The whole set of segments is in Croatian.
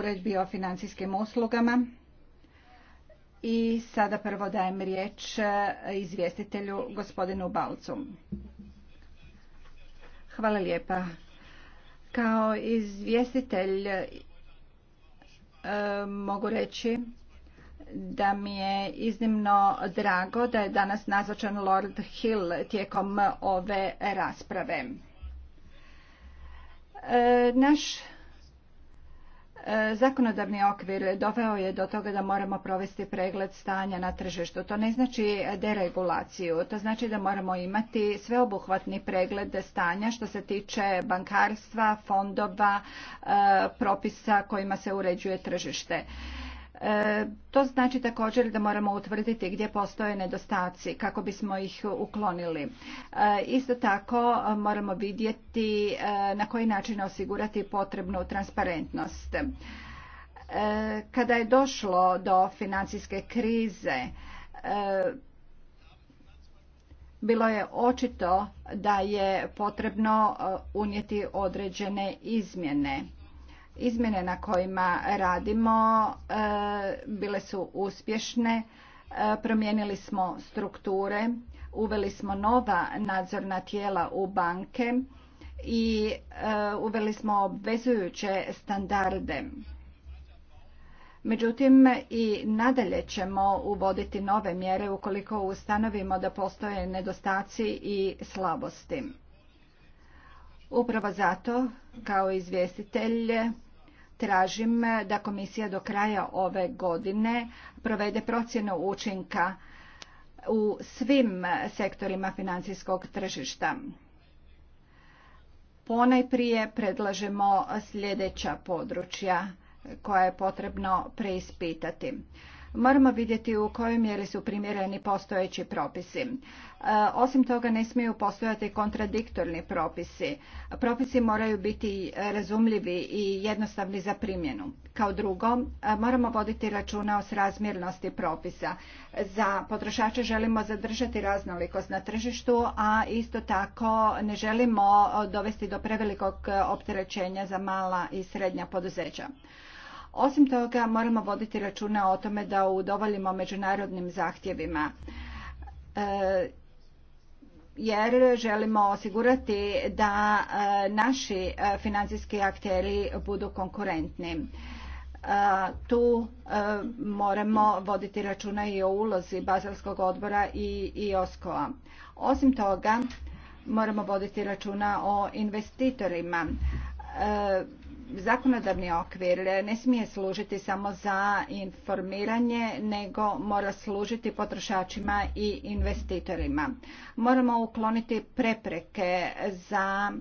uredbi o financijskim uslugama. I sada prvo dajem riječ e, izvjestitelju gospodinu Balcu. Hvala lijepa. Kao izvjestitelj e, mogu reći da mi je iznimno drago da je danas nazočan Lord Hill tijekom ove rasprave. E, naš Zakonodavni okvir doveo je do toga da moramo provesti pregled stanja na tržištu. To ne znači deregulaciju, to znači da moramo imati sveobuhvatni pregled stanja što se tiče bankarstva, fondova, eh, propisa kojima se uređuje tržište. E, to znači također da moramo utvrditi gdje postoje nedostaci kako bismo ih uklonili. E, isto tako e, moramo vidjeti na koji način osigurati potrebnu transparentnost. Kada je došlo do financijske krize, bilo je očito da je potrebno unijeti određene izmjene Izmjene na kojima radimo e, bile su uspješne, e, promijenili smo strukture, uveli smo nova nadzorna tijela u banke i e, uveli smo obvezujuće standarde. Međutim, i nadalje ćemo uvoditi nove mjere ukoliko ustanovimo da postoje nedostaci i slabosti. Upravo zato, kao izvjestitelj, tražim eh, da komisija do kraja ove godine provede procjenu učinka u svim eh, sektorima financijskog tržišta. Ponajprije predlažemo sljedeća područja eh, koja je potrebno preispitati. Moramo vidjeti u kojoj mjeri su primjereni postojeći propisi. E, osim toga ne smiju postojati kontradiktorni propisi. Propisi moraju biti razumljivi i jednostavni za primjenu. Kao drugo, e, moramo voditi računa o srazmjernosti propisa. Za potrošače želimo zadržati raznolikost na tržištu, a isto tako ne želimo dovesti do prevelikog opterećenja za mala i srednja poduzeća. Osim toga, moramo voditi računa o tome da udovoljimo međunarodnim zahtjevima e, jer želimo osigurati da e, naši e, financijski akteri budu konkurentni. Tu moramo voditi računa i o ulozi Bazelskog odbora i i a Osim toga, moramo voditi računa o investitorima zakonodavni okvir ne smije služiti samo za informiranje, nego mora služiti potrošačima i investitorima. Moramo ukloniti prepreke za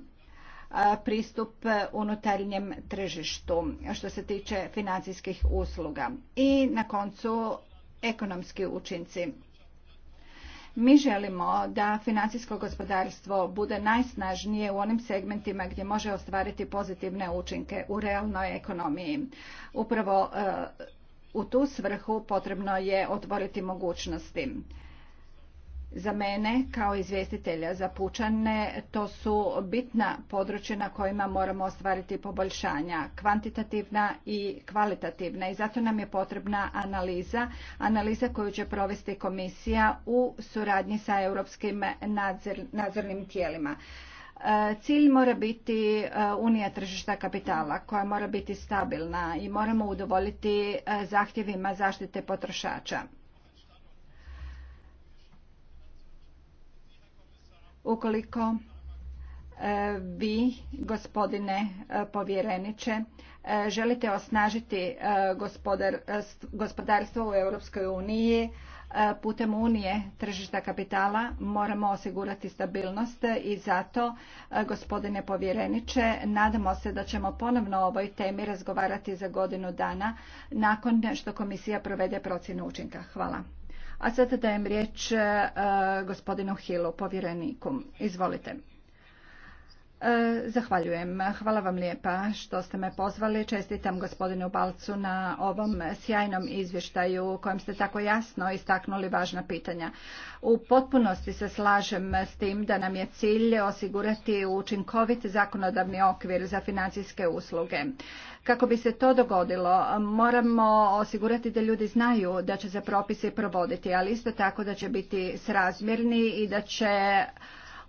pristup unutarnjem tržištu što se tiče financijskih usluga. I na koncu ekonomski učinci. Mi želimo da financijsko gospodarstvo bude najsnažnije u onim segmentima gdje može ostvariti pozitivne učinke u realnoj ekonomiji. Upravo e, u tu svrhu potrebno je otvoriti mogućnosti. Za mene kao izvjestitelja za pučane to su bitna područja na kojima moramo ostvariti poboljšanja, kvantitativna i kvalitativna i zato nam je potrebna analiza, analiza koju će provesti komisija u suradnji sa europskim nadzornim tijelima. E, cilj mora biti e, unija tržišta kapitala koja mora biti stabilna i moramo udovoljiti e, zahtjevima zaštite potrošača. ukoliko e, vi, gospodine e, povjereniče, e, želite osnažiti gospodarstvo u Europskoj uniji putem unije tržišta kapitala moramo osigurati stabilnost i zato gospodine povjereniče nadamo se da ćemo ponovno o ovoj temi razgovarati za godinu dana nakon što komisija provede procjenu učinka. Hvala. A sada dajem riječ e, gospodinu Hillu, povjereniku. Izvolite. E, zahvaljujem. Hvala vam lijepa što ste me pozvali. Čestitam gospodinu Balcu na ovom sjajnom izvještaju u kojem ste tako jasno istaknuli važna pitanja. U potpunosti se slažem s tim da nam je cilj osigurati učinkovit zakonodavni okvir za financijske usluge. Kako bi se to dogodilo, moramo osigurati da ljudi znaju da će se propisi provoditi, ali isto tako da će biti srazmjerni i da će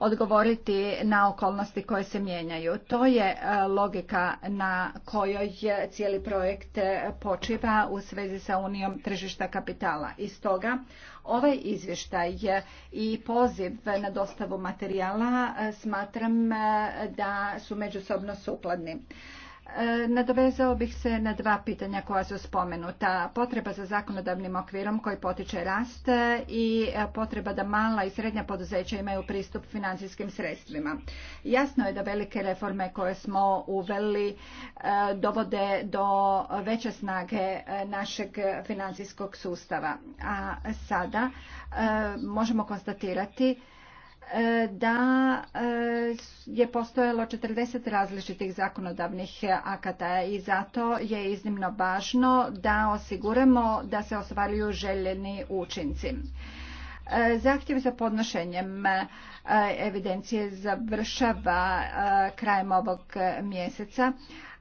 odgovoriti na okolnosti koje se mijenjaju. To je e, logika na kojoj cijeli projekt e, počiva u svezi sa Unijom tržišta kapitala. I stoga ovaj izvještaj i poziv na dostavu materijala e, smatram da su međusobno sukladni. E, nadovezao bih se na dva pitanja koja su spomenuta. Potreba za zakonodavnim okvirom koji potiče rast i e, potreba da mala i srednja poduzeća imaju pristup financijskim sredstvima. Jasno je da velike reforme koje smo uveli e, dovode do veće snage našeg financijskog sustava. A sada možemo konstatirati E, da e, je postojalo 40 različitih zakonodavnih akata i zato je iznimno važno da osiguramo da se ostvaruju željeni učinci. E, zahtjev za podnošenjem evidencije završava krajem ovog mjeseca,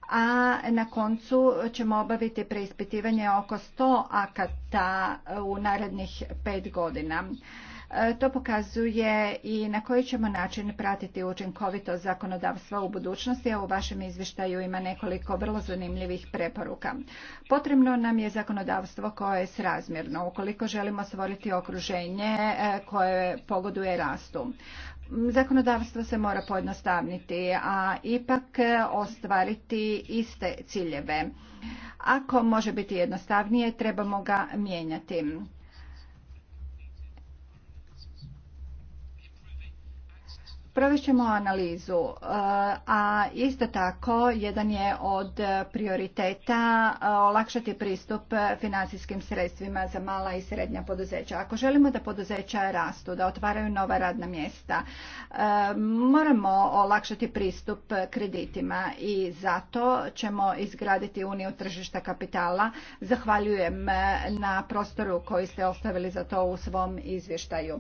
a na koncu ćemo obaviti preispitivanje oko 100 akata u narednih pet godina. E, to pokazuje i na koji ćemo način pratiti učinkovito zakonodavstvo u budućnosti, a u vašem izvještaju ima nekoliko vrlo zanimljivih preporuka. Potrebno nam je zakonodavstvo koje je srazmjerno ukoliko želimo stvoriti okruženje e, koje pogoduje rastu. Zakonodavstvo se mora pojednostavniti, a ipak ostvariti iste ciljeve. Ako može biti jednostavnije, trebamo ga mijenjati. Provest ćemo analizu, e, a isto tako jedan je od prioriteta e, olakšati pristup financijskim sredstvima za mala i srednja poduzeća. Ako želimo da poduzeća rastu, da otvaraju nova radna mjesta, e, moramo olakšati pristup kreditima i zato ćemo izgraditi Uniju tržišta kapitala. Zahvaljujem na prostoru koji ste ostavili za to u svom izvještaju.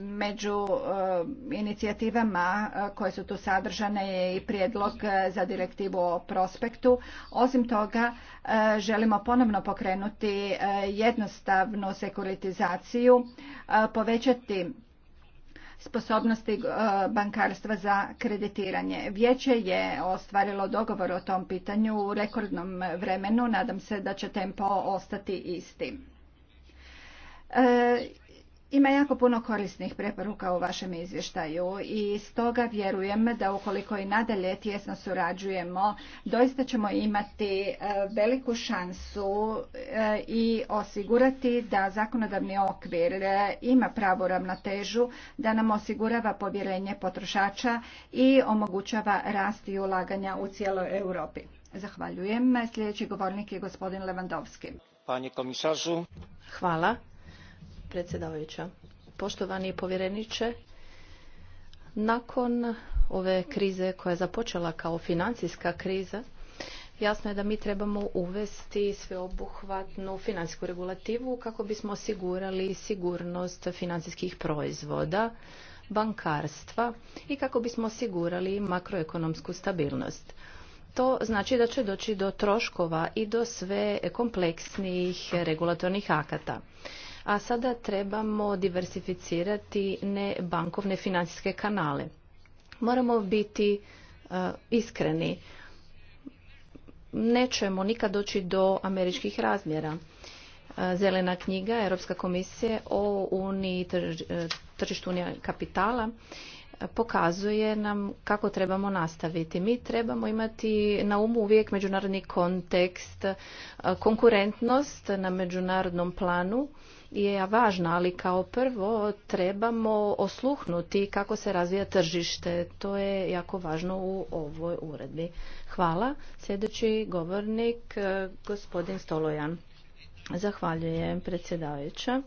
Među e, inicijativama e, koje su tu sadržane je i prijedlog e, za direktivu o prospektu. Osim toga, želimo ponovno pokrenuti jednostavnu sekuritizaciju, povećati sposobnosti bankarstva za kreditiranje. Vijeće je ostvarilo dogovor o tom pitanju u rekordnom vremenu. Nadam se da će tempo ostati isti. Ima jako puno korisnih preporuka u vašem izvještaju i stoga vjerujem da ukoliko i nadalje tjesno surađujemo, doista ćemo imati e, veliku šansu e, i osigurati da zakonodavni okvir e, ima pravu ravnotežu, da nam osigurava povjerenje potrošača i omogućava rast i ulaganja u cijeloj Europi. Zahvaljujem. Sljedeći govornik je gospodin Levandovski. Hvala predsjedavajuća. Poštovani povjereniče, nakon ove krize koja je započela kao financijska kriza, jasno je da mi trebamo uvesti sveobuhvatnu financijsku regulativu kako bismo osigurali sigurnost financijskih proizvoda, bankarstva i kako bismo osigurali makroekonomsku stabilnost. To znači da će doći do troškova i do sve kompleksnijih regulatornih akata a sada trebamo diversificirati ne bankovne financijske kanale. Moramo biti e, iskreni. Nećemo nikad doći do američkih razmjera. E, Zelena knjiga Europska komisije o uniji e, tržištu unija kapitala pokazuje nam kako trebamo nastaviti. Mi trebamo imati na umu uvijek međunarodni kontekst, konkurentnost na međunarodnom planu je važna, ali kao prvo trebamo osluhnuti kako se razvija tržište. To je jako važno u ovoj uredbi. Hvala. Sljedeći govornik, e, gospodin Stolojan. Zahvaljujem predsjedavajuća.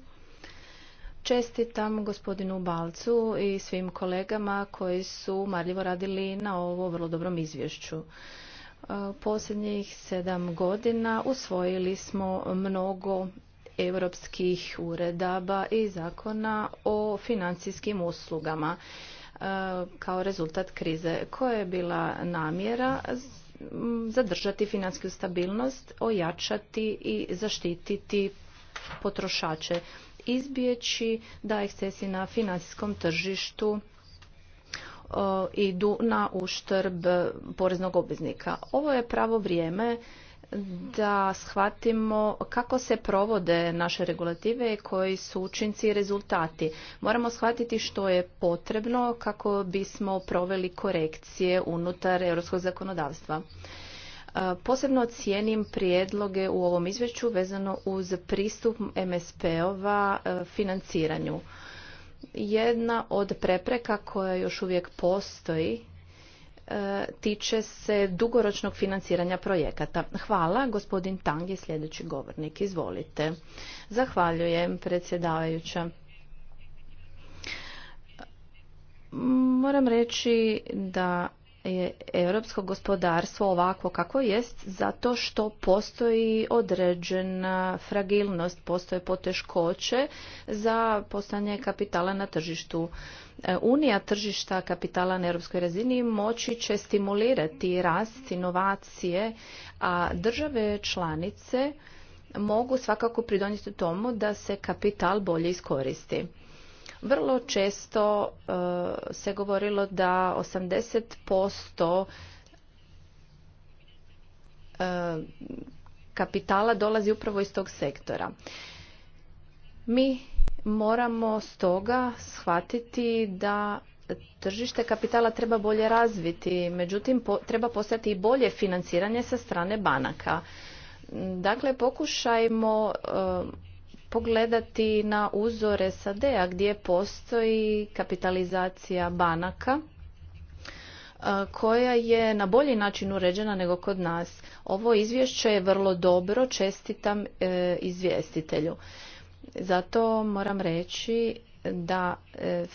Čestitam gospodinu Balcu i svim kolegama koji su marljivo radili na ovo vrlo dobrom izvješću. E, posljednjih sedam godina usvojili smo mnogo europskih uredaba i zakona o financijskim uslugama e, kao rezultat krize koja je bila namjera zadržati financijsku stabilnost, ojačati i zaštititi potrošače, izbjeći da ekscesi na financijskom tržištu e, idu na uštrb poreznog obveznika. Ovo je pravo vrijeme da shvatimo kako se provode naše regulative i koji su učinci i rezultati. Moramo shvatiti što je potrebno kako bismo proveli korekcije unutar europskog zakonodavstva. E, posebno cijenim prijedloge u ovom izvješću vezano uz pristup MSP-ova e, financiranju. Jedna od prepreka koja još uvijek postoji E, tiče se dugoročnog financiranja projekata. Hvala, gospodin Tang je sljedeći govornik. Izvolite. Zahvaljujem, predsjedavajuća. Moram reći da europsko gospodarstvo ovako kako jest zato što postoji određena fragilnost, postoje poteškoće za postanje kapitala na tržištu. E, unija tržišta kapitala na europskoj razini moći će stimulirati rast inovacije, a države članice mogu svakako pridonijeti tomu da se kapital bolje iskoristi. Vrlo često e, se govorilo da 80% e, kapitala dolazi upravo iz tog sektora. Mi moramo stoga shvatiti da tržište kapitala treba bolje razviti, međutim treba postati i bolje financiranje sa strane banaka. Dakle, pokušajmo e, pogledati na uzore SAD-a gdje postoji kapitalizacija banaka e, koja je na bolji način uređena nego kod nas. Ovo izvješće je vrlo dobro, čestitam e, izvjestitelju. Zato moram reći da e,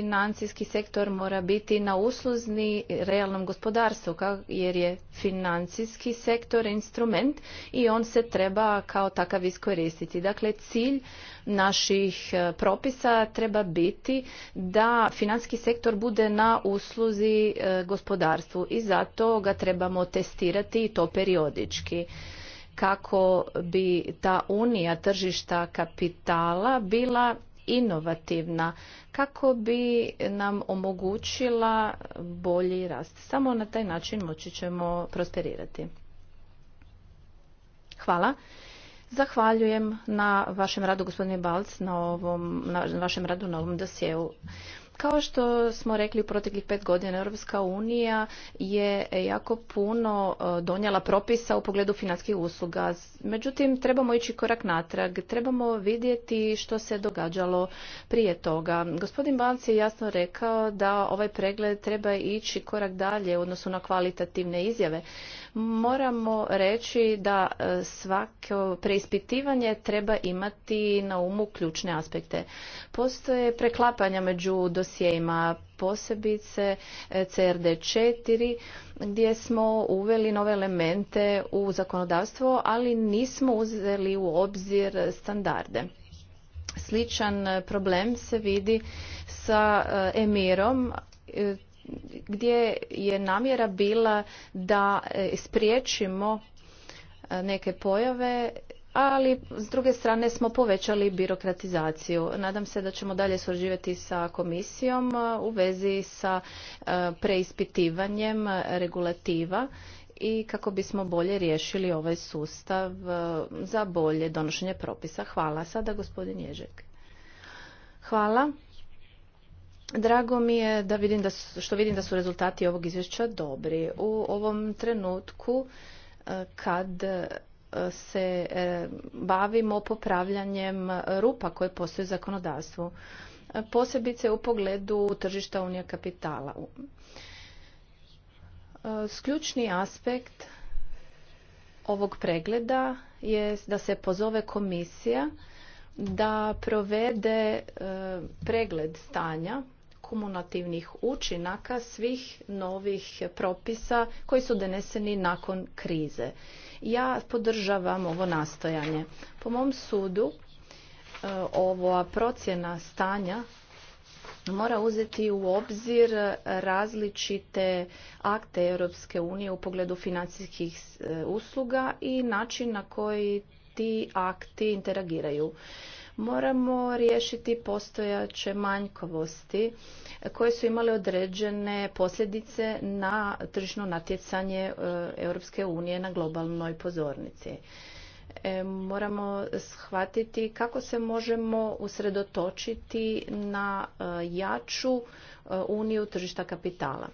financijski sektor mora biti na usluzni realnom gospodarstvu jer je financijski sektor instrument i on se treba kao takav iskoristiti. Dakle, cilj naših e, propisa treba biti da financijski sektor bude na usluzi e, gospodarstvu i zato ga trebamo testirati i to periodički kako bi ta unija tržišta kapitala bila inovativna kako bi nam omogućila bolji rast. Samo na taj način moći ćemo prosperirati. Hvala. Zahvaljujem na vašem radu, gospodine Balc, na, ovom, na vašem radu na ovom dosjeu. Kao što smo rekli u proteklih pet godina, Europska unija je jako puno e, donijela propisa u pogledu financijskih usluga. Međutim, trebamo ići korak natrag, trebamo vidjeti što se događalo prije toga. Gospodin Balc je jasno rekao da ovaj pregled treba ići korak dalje u odnosu na kvalitativne izjave moramo reći da e, svako preispitivanje treba imati na umu ključne aspekte. Postoje preklapanja među dosjejima, posebice e, CRD4 gdje smo uveli nove elemente u zakonodavstvo, ali nismo uzeli u obzir standarde. Sličan e, problem se vidi sa emirom gdje je namjera bila da e, spriječimo e, neke pojave ali s druge strane smo povećali birokratizaciju. Nadam se da ćemo dalje surađivati sa komisijom e, u vezi sa preispitivanjem regulativa i kako bismo bolje riješili ovaj sustav za bolje donošenje propisa. Hvala. Sada gospodin Ježek. Hvala. Drago mi je da vidim da što vidim da su rezultati ovog izvješća dobri. U ovom trenutku e, kad e, se e, bavimo popravljanjem rupa koje postoje u zakonodavstvu, posebice u pogledu tržišta unija kapitala. Sključni aspekt ovog pregleda je da se pozove komisija da provede pregled stanja kumulativnih učinaka svih novih propisa koji su doneseni nakon krize. Ja podržavam ovo nastojanje. Po mom sudu e, ova procjena stanja mora uzeti u obzir različite akte Europske unije u pogledu financijskih e, usluga i način na koji ti akti interagiraju moramo riješiti postojaće manjkovosti koje su imale određene posljedice na tržišno natjecanje e, Europske unije na globalnoj pozornici. E, moramo shvatiti kako se možemo usredotočiti na e, jaču uniju tržišta kapitala.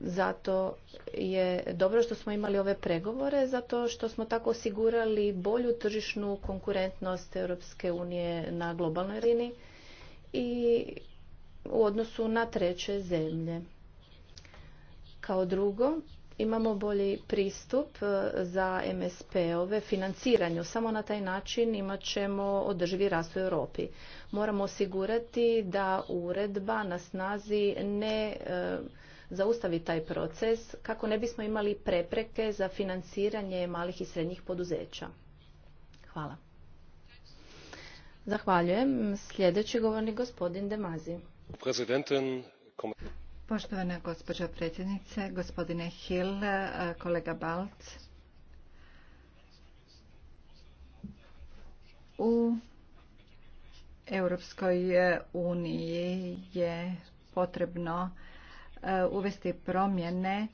Zato je dobro što smo imali ove pregovore, zato što smo tako osigurali bolju tržišnu konkurentnost Europske unije na globalnoj razini i u odnosu na treće zemlje. Kao drugo, imamo bolji pristup e, za MSP-ove, financiranju. Samo na taj način imat ćemo održivi rast u Europi. Moramo osigurati da uredba na snazi ne e, zaustavi taj proces kako ne bismo imali prepreke za financiranje malih i srednjih poduzeća. Hvala. Zahvaljujem. Sljedeći govornik gospodin Demazi. Poštovana gospođa predsjednice, gospodine Hill, eh, kolega Balc. U Europskoj eh, uniji je potrebno E, uvesti promjene,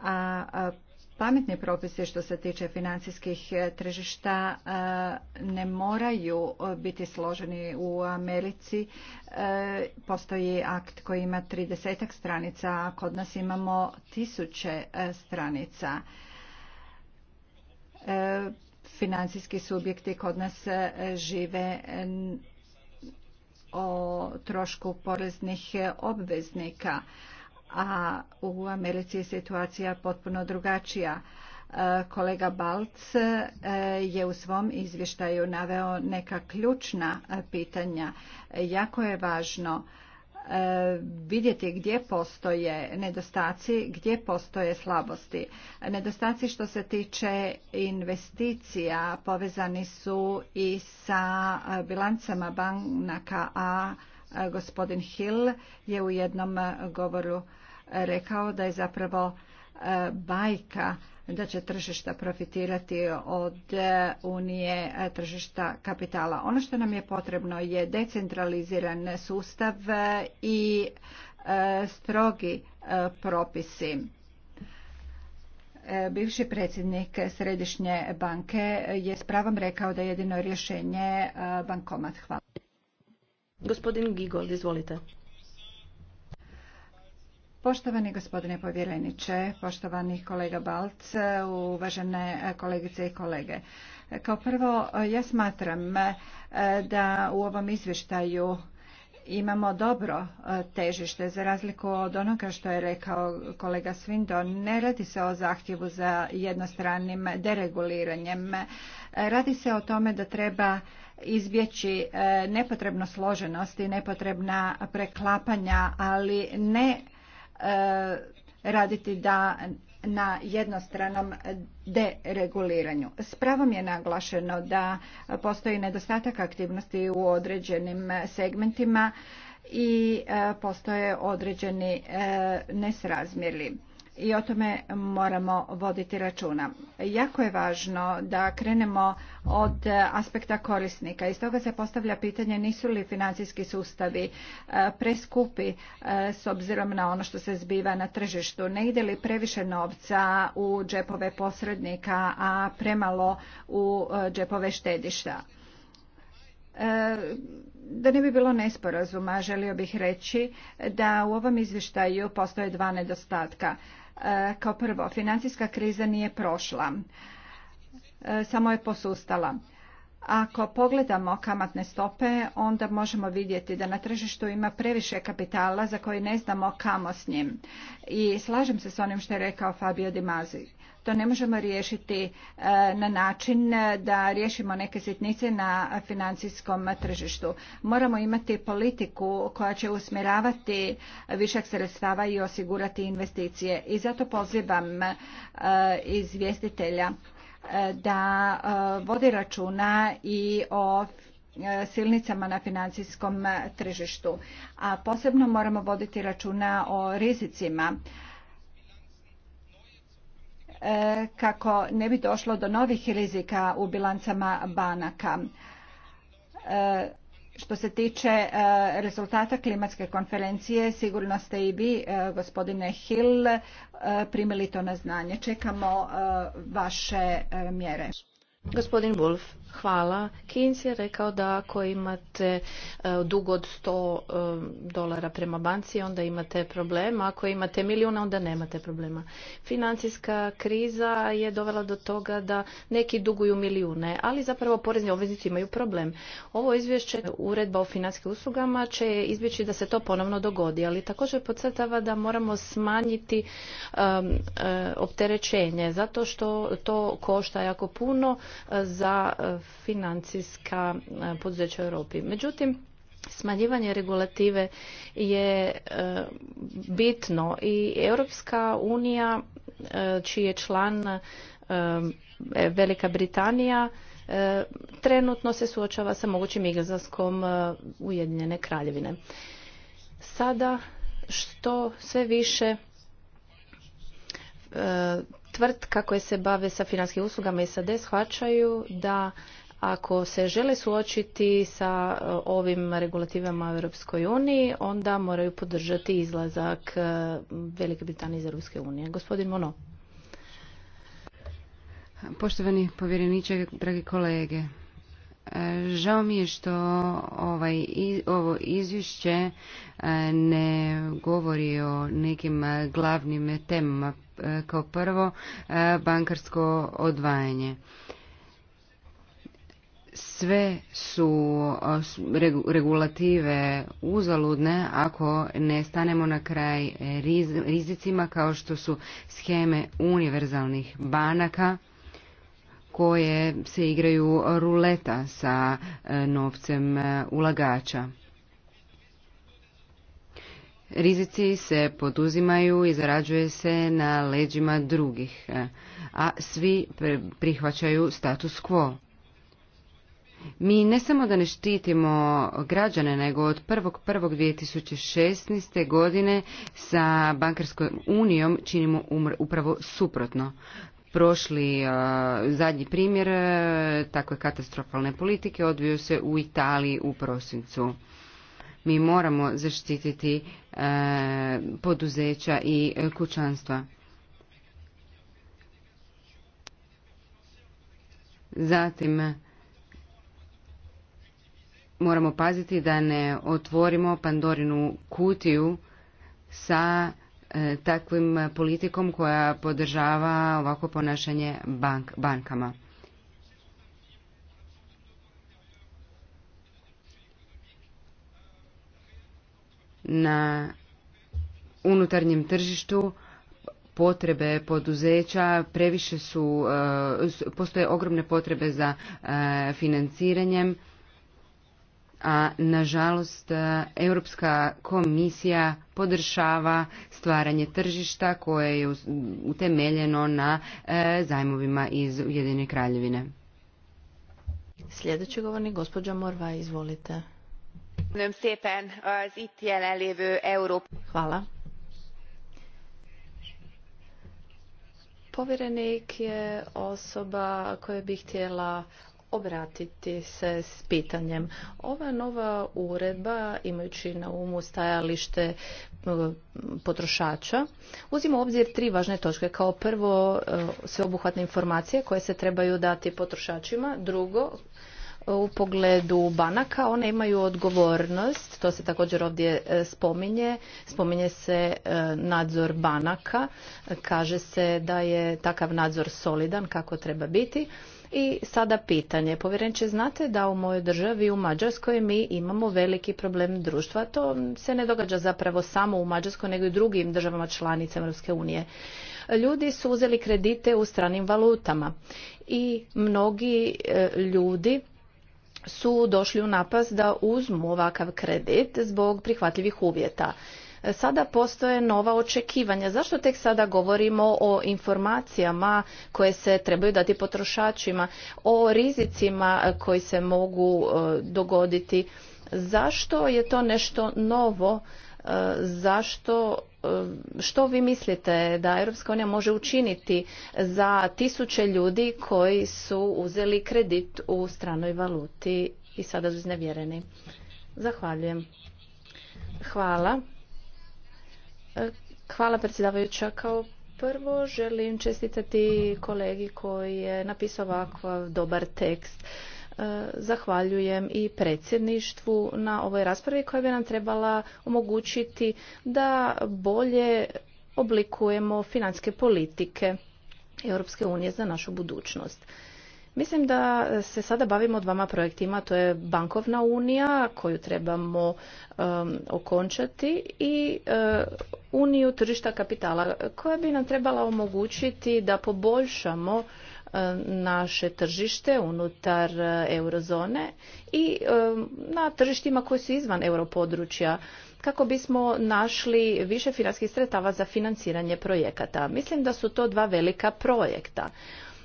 a pametni propisi što se tiče financijskih e, tržišta e, ne moraju biti složeni u Americi. Postoji akt koji ima 30 stranica, a kod nas imamo tisuće stranica. Financijski subjekti kod nas žive o trošku poreznih obveznika a u Americi je situacija potpuno drugačija. E, kolega Balc e, je u svom izvještaju naveo neka ključna e, pitanja. Jako je važno vidjeti gdje postoje nedostaci, gdje postoje slabosti. Nedostaci što se tiče investicija povezani su i sa bilancama banaka, a gospodin Hill je u jednom govoru rekao da je zapravo e, bajka da će tržišta profitirati od e, unije e, tržišta kapitala. Ono što nam je potrebno je decentraliziran sustav i strogi propisi. Bivši predsjednik Središnje banke je s pravom rekao da je jedino rješenje bankomat. Hvala. Gospodin Gigol, izvolite. Poštovani gospodine povjereniče, poštovani kolega Balc, uvažene kolegice i kolege. Kao prvo, ja smatram e, da u ovom izvještaju imamo dobro e, težište za razliku od onoga što je rekao kolega Swindon. Ne radi se o zahtjevu za jednostranim dereguliranjem. Radi se o tome da treba izbjeći e, nepotrebno složenost i nepotrebna preklapanja, ali ne E, raditi da na jednostranom dereguliranju. S pravom je naglašeno da postoji nedostatak aktivnosti u određenim segmentima i e, postoje određeni e, nesrazmjeri i o tome moramo voditi računa. Jako je važno da krenemo od aspekta korisnika i stoga se postavlja pitanje nisu li financijski sustavi e, preskupi e, s obzirom na ono što se zbiva na tržištu. Ne ide li previše novca u džepove posrednika, a premalo u e, džepove štedišta? Da ne bi bilo nesporazuma, želio bih reći da u ovom izvještaju postoje dva nedostatka. E, kao prvo, financijska kriza nije prošla, e, samo je posustala. Ako pogledamo kamatne stope, onda možemo vidjeti da na tržištu ima previše kapitala za koji ne znamo kamo s njim. I slažem se s onim što je rekao Fabio Di Mazi. To ne možemo riješiti e, na način da riješimo neke sitnice na financijskom tržištu. Moramo imati politiku koja će usmjeravati višak sredstava i osigurati investicije. I zato pozivam e, izvjestitelja da e, vodi računa i o e, silnicama na financijskom e, tržištu. A posebno moramo voditi računa o rizicima kako ne bi došlo do novih rizika u bilancama banaka što se tiče e, rezultata klimatske konferencije, sigurno ste i vi, e, gospodine Hill, e, primili to na znanje. Čekamo vaše mjere. Gospodin Wolf. Hvala. Keynes je rekao da ako imate e, dug od 100 e, dolara prema banci, onda imate problema. Ako imate milijuna, onda nemate problema. Financijska kriza je dovela do toga da neki duguju milijune, ali zapravo porezni obveznici imaju problem. Ovo izvješće uredba o financijskim uslugama će izbjeći da se to ponovno dogodi, ali također podcrtava da moramo smanjiti e, opterećenje, zato što to košta jako puno za financijska e, poduzeća u Europi. Međutim, smanjivanje regulative je e, bitno i Europska unija e, čiji je član Velika Britanija trenutno se suočava sa mogućim izlaskom Ujedinjene kraljevine. Sada što sve više E, tvrtka koje se bave sa finanskim uslugama SAD shvaćaju da ako se žele suočiti sa e, ovim regulativama u Europskoj uniji, onda moraju podržati izlazak e, Velike Britanije iz Europske unije. Gospodin Mono. Poštovani povjereniče, dragi kolege, Žao mi je što ovaj, ovo izvješće ne govori o nekim glavnim temama kao prvo, e, bankarsko odvajanje. Sve su e, regulative uzaludne ako ne stanemo na kraj rizicima kao što su scheme univerzalnih banaka koje se igraju ruleta sa e, novcem ulagača. Rizici se poduzimaju i zarađuje se na leđima drugih, a svi prihvaćaju status quo. Mi ne samo da ne štitimo građane, nego od 1.1.2016. godine sa bankarskom unijom činimo upravo suprotno. Prošli zadnji primjer takve katastrofalne politike odvio se u Italiji u prosincu. Mi moramo zaštititi e, poduzeća i e, kućanstva. Zatim moramo paziti da ne otvorimo Pandorinu kutiju sa e, takvim politikom koja podržava ovako ponašanje bank, bankama. na unutarnjem tržištu potrebe poduzeća previše su eh, postoje ogromne potrebe za eh, financiranjem a nažalost eh, Europska komisija podršava stvaranje tržišta koje je utemeljeno na zajmovima iz Ujedine kraljevine. Sljedeći govornik gospođa Morva, izvolite. Povjerenik je osoba kojoj bi htjela obratiti se s pitanjem. Ova nova uredba, imajući na umu stajalište e, potrošača, uzima u obzir tri važne točke. Kao prvo, e, sveobuhvatne informacije koje se trebaju dati potrošačima. Drugo, u pogledu banaka one imaju odgovornost to se također ovdje e, spominje spominje se e, nadzor banaka kaže se da je takav nadzor solidan kako treba biti i sada pitanje povjerenče znate da u mojoj državi u Mađarskoj mi imamo veliki problem društva to se ne događa zapravo samo u Mađarskoj nego i drugim državama članicama Europske unije ljudi su uzeli kredite u stranim valutama i mnogi e, ljudi su došli u napas da uzmu ovakav kredit zbog prihvatljivih uvjeta. E, sada postoje nova očekivanja. Zašto tek sada govorimo o informacijama koje se trebaju dati potrošačima, o rizicima koji se mogu e, dogoditi? Zašto je to nešto novo? E, zašto E, što vi mislite da Europska unija može učiniti za tisuće ljudi koji su uzeli kredit u stranoj valuti i sada su iznevjereni? Zahvaljujem. Hvala. E, hvala predsjedavajuća. Kao prvo želim čestitati kolegi koji je napisao ovakav dobar tekst. E, zahvaljujem i predsjedništvu na ovoj raspravi koja bi nam trebala omogućiti da bolje oblikujemo financijske politike Europske unije za našu budućnost. Mislim da se sada bavimo dvama projektima, to je bankovna unija koju trebamo okončati i e, uniju tržišta kapitala koja bi nam trebala omogućiti da poboljšamo E, naše tržište unutar e, eurozone i e, na tržištima koji su izvan europodručja kako bismo našli više financijskih sredstava za financiranje projekata. Mislim da su to dva velika projekta,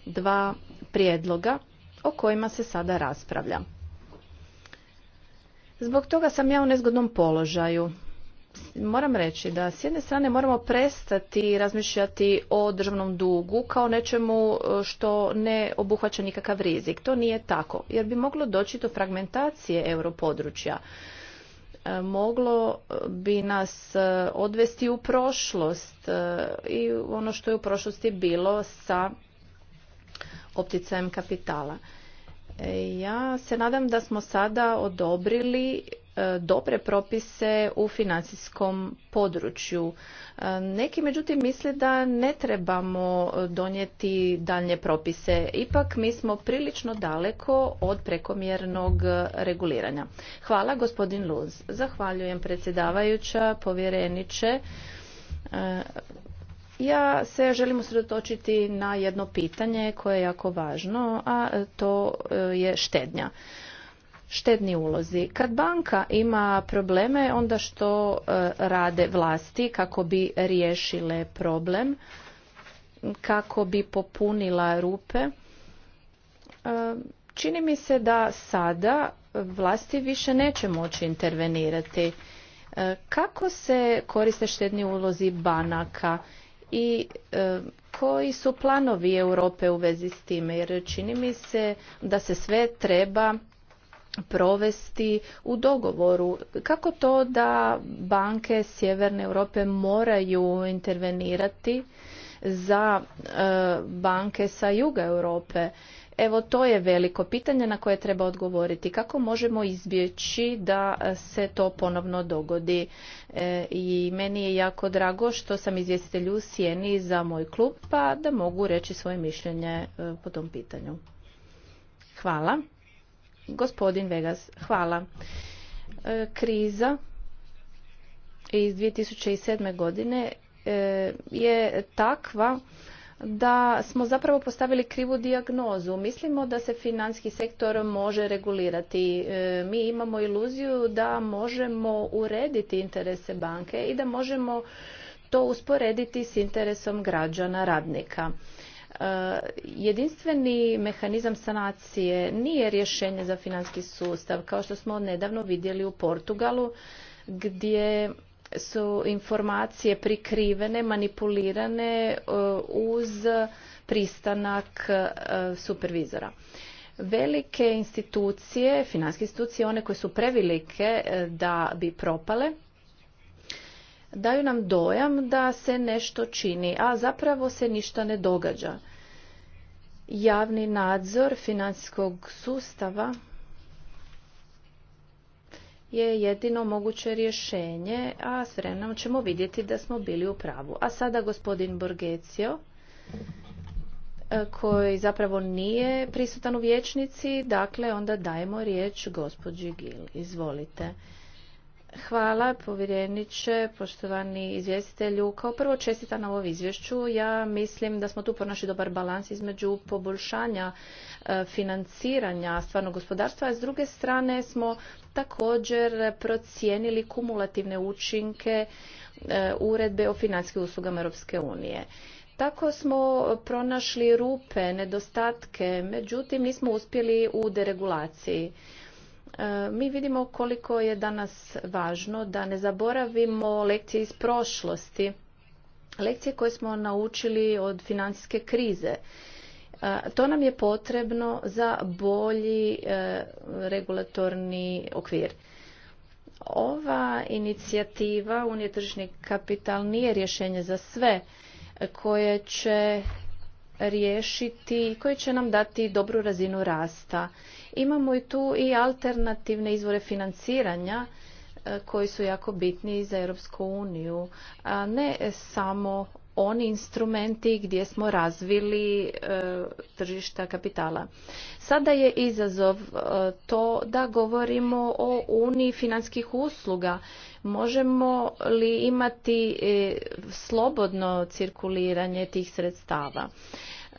dva prijedloga o kojima se sada raspravlja. Zbog toga sam ja u nezgodnom položaju moram reći da s jedne strane moramo prestati razmišljati o državnom dugu kao nečemu e, što ne obuhvaća nikakav rizik. To nije tako, jer bi moglo doći do fragmentacije europodručja. E, moglo bi nas e, odvesti u prošlost i ono što je u prošlosti bilo sa opticajem kapitala. Ja se nadam da smo sada odobrili E, dobre propise u financijskom području. E, neki međutim misle da ne trebamo donijeti dalje propise. Ipak mi smo prilično daleko od prekomjernog reguliranja. Hvala gospodin Luz. Zahvaljujem predsjedavajuća, povjereniče. E, ja se želim usredotočiti na jedno pitanje koje je jako važno, a to je štednja štedni ulozi. Kad banka ima probleme, onda što e, rade vlasti kako bi riješile problem, kako bi popunila rupe? E, čini mi se da sada vlasti više neće moći intervenirati. E, kako se koriste štedni ulozi banaka i koji su planovi Europe u vezi s time? Jer čini mi se da se sve treba provesti u dogovoru. Kako to da banke Sjeverne Europe moraju intervenirati za e, banke sa juga Europe? Evo to je veliko pitanje na koje treba odgovoriti. Kako možemo izbjeći da se to ponovno dogodi? E, I meni je jako drago što sam izvjestitelj u Sjeni za moj klub, pa da mogu reći svoje mišljenje e, po tom pitanju. Hvala. Gospodin Vegas, hvala. E, kriza iz 2007. godine e, je takva da smo zapravo postavili krivu dijagnozu. Mislimo da se financijski sektor može regulirati. E, mi imamo iluziju da možemo urediti interese banke i da možemo to usporediti s interesom građana radnika. Jedinstveni mehanizam sanacije nije rješenje za finanski sustav, kao što smo nedavno vidjeli u Portugalu, gdje su informacije prikrivene, manipulirane e, uz pristanak e, supervizora. Velike institucije, finanske institucije, one koje su prevelike e, da bi propale, daju nam dojam da se nešto čini, a zapravo se ništa ne događa. Javni nadzor financijskog sustava je jedino moguće rješenje, a s vremenom ćemo vidjeti da smo bili u pravu. A sada gospodin Borgecio, e, koji zapravo nije prisutan u vječnici, dakle onda dajemo riječ gospođi Gil. Izvolite. Hvala povjereniče, poštovani izvjestitelju. Kao prvo čestitam na ovom izvješću. Ja mislim da smo tu pronašli dobar balans između poboljšanja e, financiranja stvarnog gospodarstva, a s druge strane smo također procijenili kumulativne učinke e, uredbe o financijskim uslugama Europske unije. Tako smo pronašli rupe, nedostatke, međutim nismo uspjeli u deregulaciji. E, mi vidimo koliko je danas važno da ne zaboravimo lekcije iz prošlosti, lekcije koje smo naučili od financijske krize. E, to nam je potrebno za bolji e, regulatorni okvir. Ova inicijativa Unije kapital nije rješenje za sve koje će riješiti, koje će nam dati dobru razinu rasta Imamo i tu i alternativne izvore financiranja e, koji su jako bitni za Europsku uniju, a ne samo oni instrumenti gdje smo razvili e, tržišta kapitala. Sada je izazov e, to da govorimo o uniji financijskih usluga. Možemo li imati slobodno cirkuliranje tih sredstava?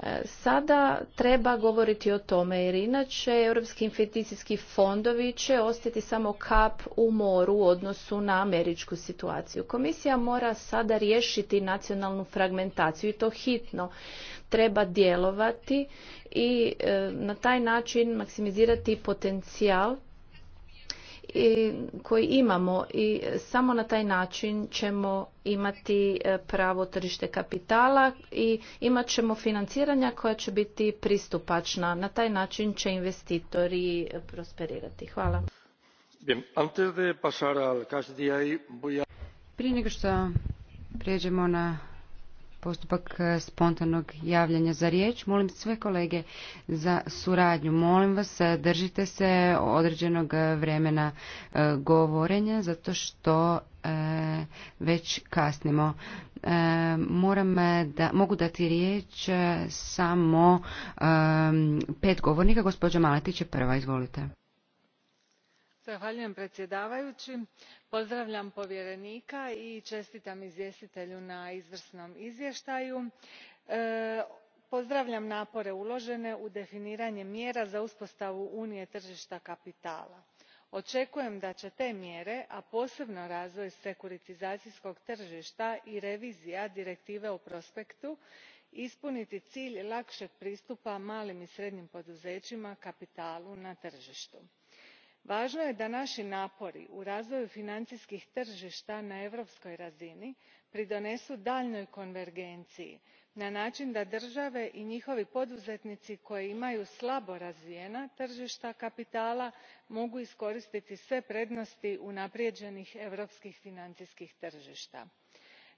E, sada treba govoriti o tome jer inače europski investicijski fondovi će ostati samo kap u moru u odnosu na američku situaciju. Komisija mora sada riješiti nacionalnu fragmentaciju i to hitno. Treba djelovati i e, na taj način maksimizirati potencijal koji imamo i samo na taj način ćemo imati e, pravo tržište kapitala i imat ćemo financiranja koja će biti pristupačna. Na taj način će investitori e, prosperirati. Hvala. Prije nego što prijeđemo na postupak e, spontanog javljanja za riječ. Molim sve kolege za suradnju. Molim vas, e, držite se određenog vremena e, govorenja, zato što već kasnimo. Moram da, mogu dati riječ samo pet govornika. Gospođa Maletić je prva, izvolite gospodine predsjedavajući pozdravljam povjerenika i čestitam izvjestitelju na izvrsnom izvještaju. E, pozdravljam napore uložene u definiranje mjera za uspostavu unije tržišta kapitala. očekujem da će te mjere a posebno razvoj sekuritizacijskog tržišta i revizija direktive o prospektu ispuniti cilj lakšeg pristupa malim i srednjim poduzećima kapitalu na tržištu važno je da naši napori u razvoju financijskih tržišta na europskoj razini pridonesu daljnjoj konvergenciji na način da države i njihovi poduzetnici koji imaju slabo razvijena tržišta kapitala mogu iskoristiti sve prednosti unaprijeđenih europskih financijskih tržišta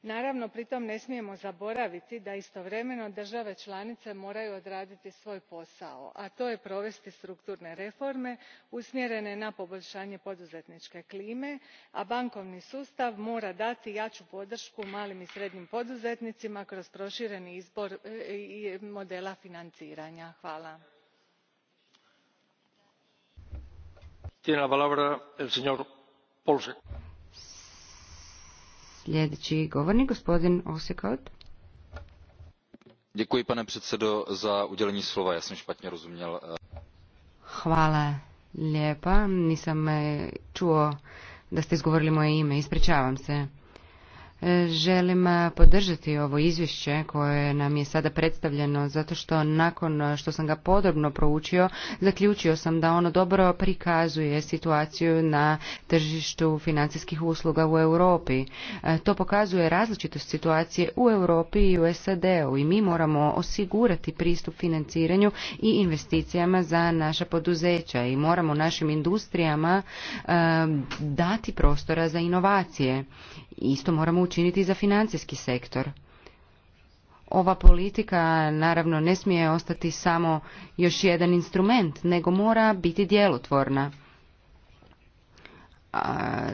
naravno pritom ne smijemo zaboraviti da istovremeno države članice moraju odraditi svoj posao a to je provesti strukturne reforme usmjerene na poboljšanje poduzetničke klime a bankovni sustav mora dati jaču podršku malim i srednjim poduzetnicima kroz prošireni izbor e, modela financiranja. hvala. Sljedeći govornik, gospodin Osekot. Děkuji, pane předsedo, za udělení slova. Ja jsem špatně rozuměl. Eh. Hvala lijepa. Nisam eh, čuo da ste izgovorili moje ime. Ispričavam se. Želim podržati ovo izvješće koje nam je sada predstavljeno zato što nakon što sam ga podrobno proučio zaključio sam da ono dobro prikazuje situaciju na tržištu financijskih usluga u Europi. To pokazuje različitost situacije u Europi i u SAD-u i mi moramo osigurati pristup financiranju i investicijama za naša poduzeća i moramo našim industrijama dati prostora za inovacije. Isto moramo učiniti za financijski sektor. Ova politika naravno ne smije ostati samo još jedan instrument, nego mora biti djelotvorna a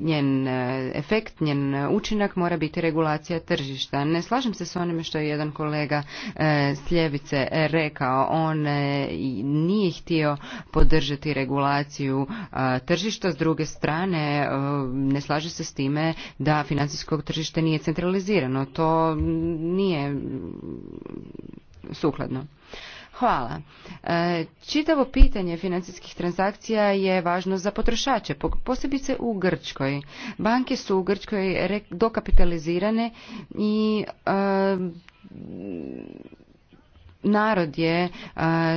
njen e, efekt, njen e, učinak mora biti regulacija tržišta. Ne slažem se s onime što je jedan kolega e, s ljevice rekao. On nije htio podržati regulaciju tržišta. S druge strane, ne slaže se s time da financijsko tržište nije centralizirano. To nije sukladno. Hvala. E, čitavo pitanje financijskih transakcija je važno za potrošače, posebice u Grčkoj. Banke su u Grčkoj dokapitalizirane i e, narod je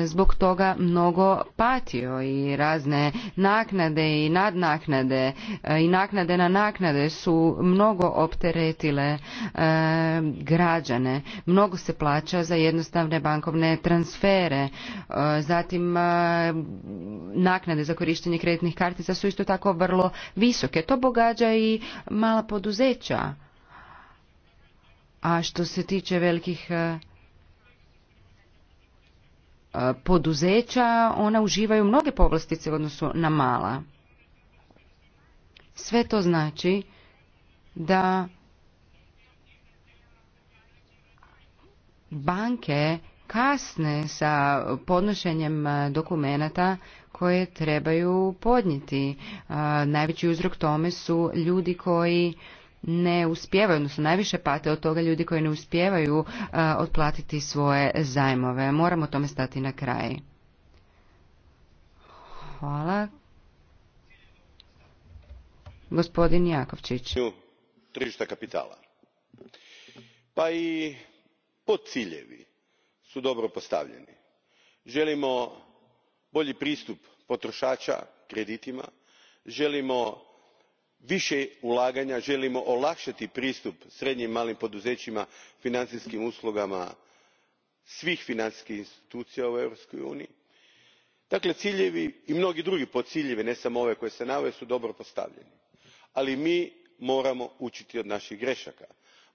zbog toga mnogo patio i razne naknade i nadnaknade i naknade na naknade su mnogo opteretile građane mnogo se plaća za jednostavne bankovne transfere zatim naknade za korištenje kreditnih kartica su isto tako vrlo visoke to bogađa i mala poduzeća a što se tiče velikih E, poduzeća ona uživaju mnoge povlastice u odnosu na mala. Sve to znači da banke kasne sa podnošenjem e, dokumenata koje trebaju podnijeti. E, najveći uzrok tome su ljudi koji ne uspijevaju, odnosno najviše pate od toga ljudi koji ne uspijevaju e, otplatiti svoje zajmove. Moramo tome stati na kraj. Hvala. Gospodin Jakovčić. Tržišta kapitala. Pa i podciljevi su dobro postavljeni. Želimo bolji pristup potrošača kreditima, želimo više ulaganja želimo olakšati pristup srednjim i malim poduzećima financijskim uslugama svih financijskih institucija u europskoj uniji. dakle ciljevi i mnogi drugi podciljevi ne samo ove koje sam naveo su dobro postavljeni ali mi moramo učiti od naših grešaka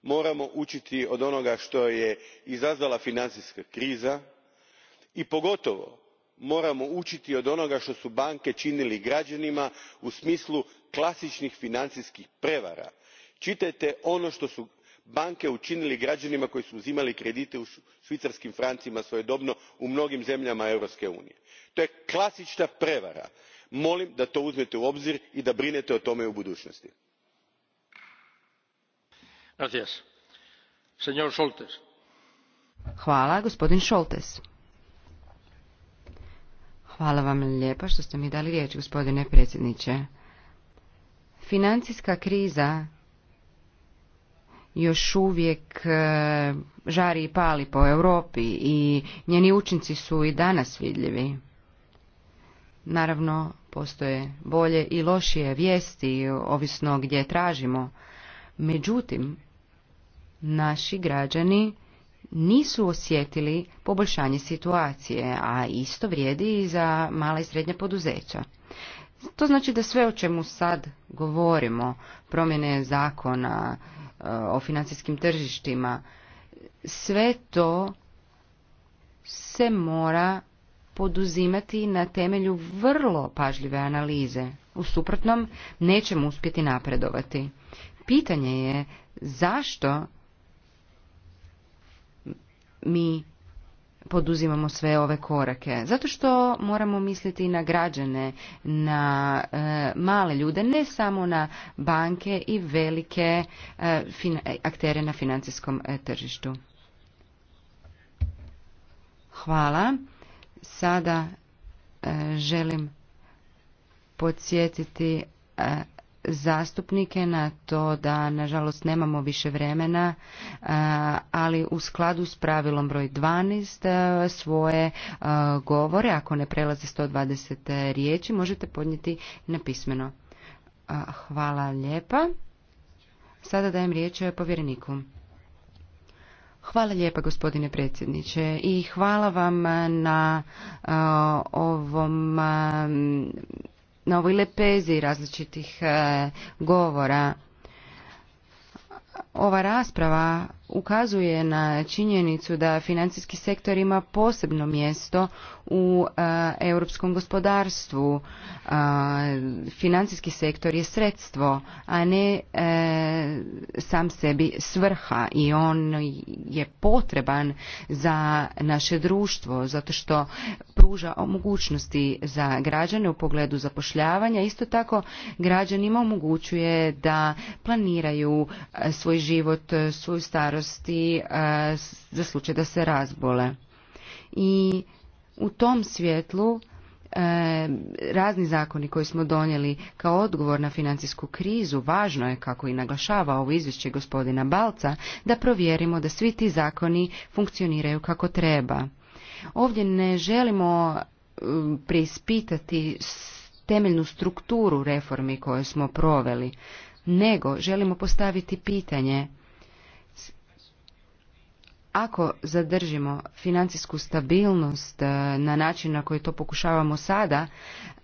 moramo učiti od onoga što je izazvala financijska kriza i pogotovo moramo učiti od onoga što su banke činile građanima u smislu klasičnih financijskih prevara. čitajte ono što su banke učinile građanima koji su uzimali kredite u švicarskim francima svojedobno u mnogim zemljama europske unije. to je klasična prevara. molim da to uzmete u obzir i da brinete o tome u budućnosti. Hvala vam lijepa što ste mi dali riječ, gospodine predsjedniče. Financijska kriza još uvijek e, žari i pali po Europi i njeni učinci su i danas vidljivi. Naravno, postoje bolje i lošije vijesti, ovisno gdje tražimo. Međutim, naši građani nisu osjetili poboljšanje situacije, a isto vrijedi i za mala i srednja poduzeća. To znači da sve o čemu sad govorimo, promjene zakona e, o financijskim tržištima, sve to se mora poduzimati na temelju vrlo pažljive analize. U suprotnom nećemo uspjeti napredovati. Pitanje je zašto mi poduzimamo sve ove korake zato što moramo misliti i na građane na e, male ljude ne samo na banke i velike e, aktere na financijskom e, tržištu hvala sada želim podsjetiti zastupnike na to da nažalost nemamo više vremena, ali u skladu s pravilom broj 12 svoje govore, ako ne prelaze 120 e, riječi, možete podnijeti na pismeno. Hvala lijepa. Sada dajem riječ povjereniku. Hvala lijepa gospodine predsjedniče i hvala vam na ovom na ovoj lepezi različitih e, govora. Ova rasprava ukazuje na činjenicu da financijski sektor ima posebno mjesto u e, europskom gospodarstvu. E, financijski sektor je sredstvo, a ne e, sam sebi svrha i on je potreban za naše društvo zato što pruža mogućnosti za građane u pogledu zapošljavanja. Isto tako građanima omogućuje da planiraju svoj život, svoju starost starosti za slučaj da se razbole. I u tom svjetlu e, razni zakoni koji smo donijeli kao odgovor na financijsku krizu, važno je, kako i naglašava ovo izvješće gospodina Balca, da provjerimo da svi ti zakoni funkcioniraju kako treba. Ovdje ne želimo e, preispitati temeljnu strukturu reformi koje smo proveli, nego želimo postaviti pitanje ako zadržimo financijsku stabilnost e, na način na koji to pokušavamo sada,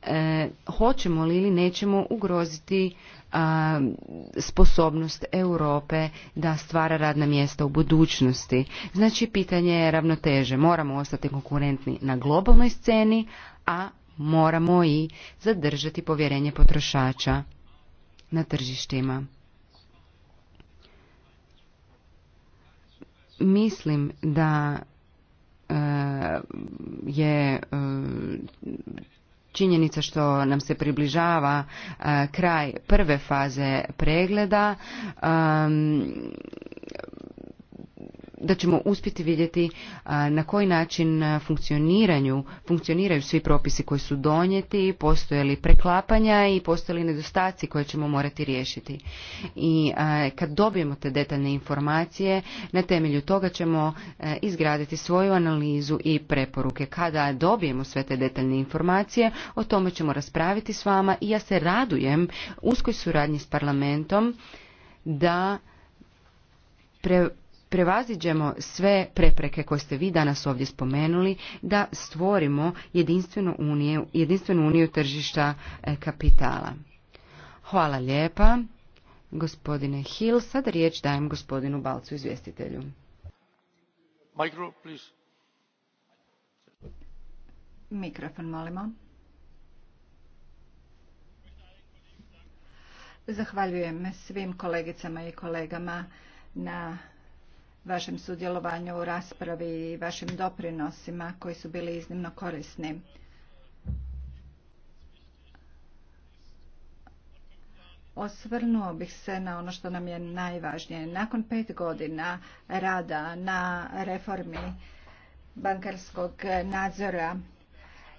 e, hoćemo li ili nećemo ugroziti e, sposobnost Europe da stvara radna mjesta u budućnosti. Znači pitanje je ravnoteže. Moramo ostati konkurentni na globalnoj sceni, a moramo i zadržati povjerenje potrošača na tržištima. mislim da e, je e, činjenica što nam se približava e, kraj prve faze pregleda da ćemo uspjeti vidjeti na koji način funkcioniranju, funkcioniraju svi propisi koji su donijeti, postoje li preklapanja i postoje li nedostaci koje ćemo morati riješiti. I kad dobijemo te detaljne informacije, na temelju toga ćemo izgraditi svoju analizu i preporuke. Kada dobijemo sve te detaljne informacije, o tome ćemo raspraviti s vama i ja se radujem uskoj suradnji s parlamentom da pre prevaziđemo sve prepreke koje ste vi danas ovdje spomenuli da stvorimo jedinstvenu uniju, jedinstvenu uniju tržišta e, kapitala. Hvala lijepa. Gospodine Hill, sad riječ dajem gospodinu Balcu izvjestitelju. Mikrofon, Zahvaljujem svim kolegicama i kolegama na vašem sudjelovanju u raspravi i vašim doprinosima koji su bili iznimno korisni. Osvrnuo bih se na ono što nam je najvažnije. Nakon pet godina rada na reformi bankarskog nadzora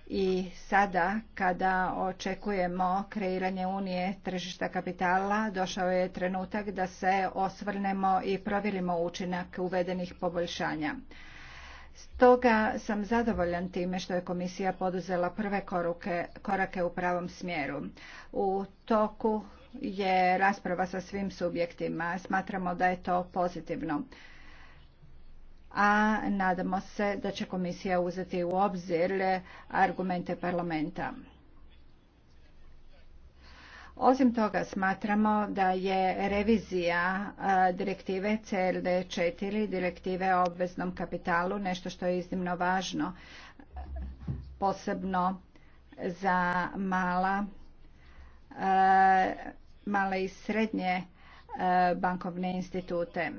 i sada kada očekujemo kreiranje unije tržišta kapitala došao je trenutak da se osvrnemo i provjerimo učinak uvedenih poboljšanja. Stoga sam zadovoljan time što je komisija poduzela prve korake u pravom smjeru. U toku je rasprava sa svim subjektima. Smatramo da je to pozitivno a nadamo se da će komisija uzeti u obzir argumente parlamenta. Osim toga smatramo da je revizija direktive cld 4 direktive o obveznom kapitalu, nešto što je iznimno važno, posebno za mala, male i srednje bankovne institute.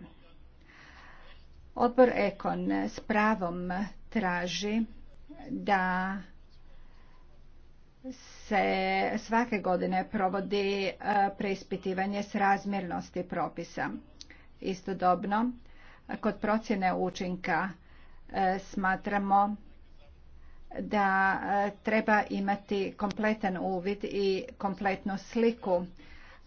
Odbor Ekon s pravom traži da se svake godine provodi e, preispitivanje razmjernosti propisa. Istodobno, kod procjene učinka e, smatramo da e, treba imati kompletan uvid i kompletnu sliku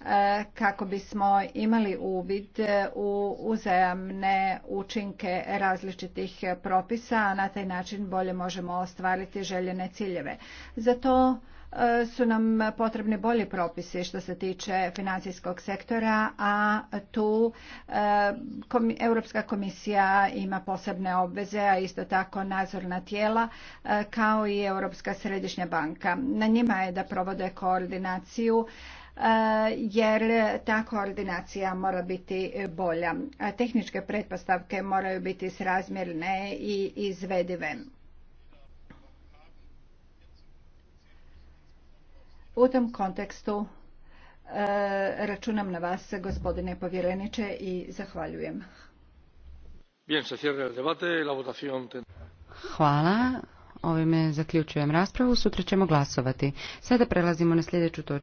E, kako bismo imali uvid u uzajamne učinke različitih propisa, a na taj način bolje možemo ostvariti željene ciljeve. Za to e, su nam potrebni bolji propisi što se tiče financijskog sektora, a tu e, Europska komisija ima posebne obveze, a isto tako nadzorna tijela, kao i Europska središnja banka. Na njima je da provode koordinaciju jer ta koordinacija mora biti bolja. Tehničke pretpostavke moraju biti srazmjerne i izvedive. U tom kontekstu e, računam na vas, gospodine povjereniče, i zahvaljujem. Hvala. Ovime zaključujem raspravu. Sutra ćemo glasovati. Sada prelazimo na sljedeću točku.